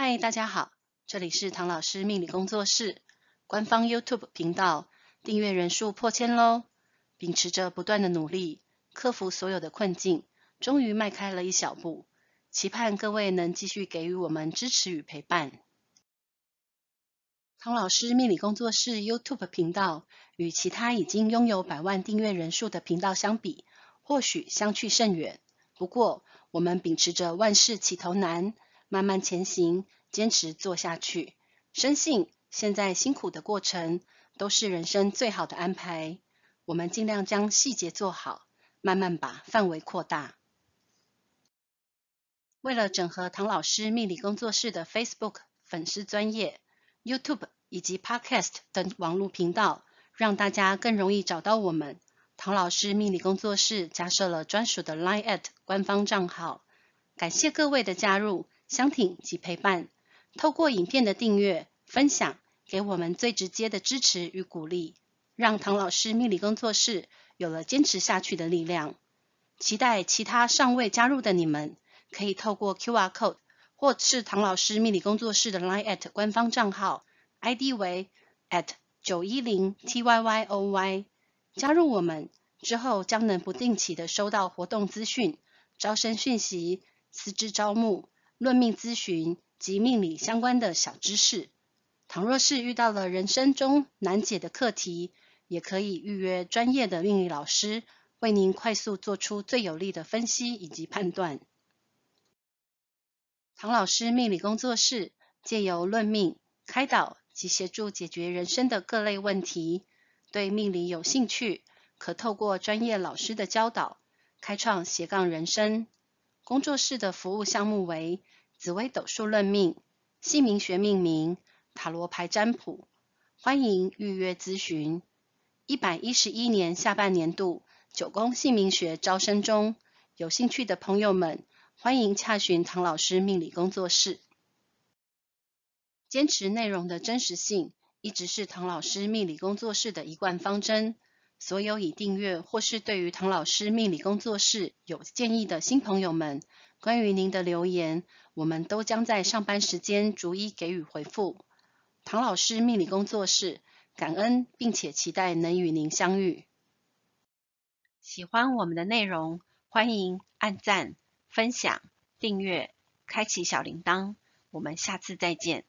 嗨，Hi, 大家好，這裡是唐老師命理工作室官方 YouTube 頻道，訂閱人數破千嘍！秉持着不斷的努力，克服所有的困境，終於邁開了一小步，期盼各位能繼續給予我們支持與陪伴。唐老師命理工作室 YouTube 頻道與其他已經擁有百萬訂閱人數的頻道相比，或許相去甚遠。不過，我們秉持着萬事起頭難，慢慢前行，堅持做下去。深信現在辛苦的過程都是人生最好的安排。我們盡量將細節做好，慢慢把範圍擴大。為了整合唐老師命理工作室的 Facebook 粉絲專頁、YouTube 以及 Podcast 等網絡頻道，讓大家更容易找到我們，唐老師命理工作室加設了專屬的 Line@ 官方賬號。感謝各位的加入。相挺及陪伴，透過影片的訂閱、分享，給我們最直接的支持與鼓勵，讓唐老師命理工作室有了堅持下去的力量。期待其他尚未加入的你們，可以透過 QR Code 或是唐老師命理工作室的 LINE at 官方賬號，ID 為 at 九一零 tyyoy，加入我們之後，將能不定期的收到活動資訊、招生訊息、師資招募。論命諮詢及命理相關的小知識，倘若是遇到了人生中難解的課題，也可以預約專業的命理老師，為您快速做出最有利的分析以及判斷。唐老師命理工作室借由論命、開導及協助解決人生的各類問題，對命理有興趣，可透過專業老師的教導，開創斜槓人生。工作室的服務項目為紫微斗數論命、姓名學命名、塔羅牌占卜，歡迎預約諮詢。一百一十一年下半年度九宮姓名學招生中，有興趣的朋友們歡迎洽詢唐老師命理工作室。堅持內容的真實性，一直是唐老師命理工作室的一貫方針。所有已訂閱或是對於唐老師命理工作室有建議的新朋友們，關於您的留言，我們都將在上班時間逐一給予回復。唐老師命理工作室感恩，並且期待能與您相遇。喜歡我們的內容，歡迎按讚、分享、訂閱、開啟小鈴鐺。我們下次再見。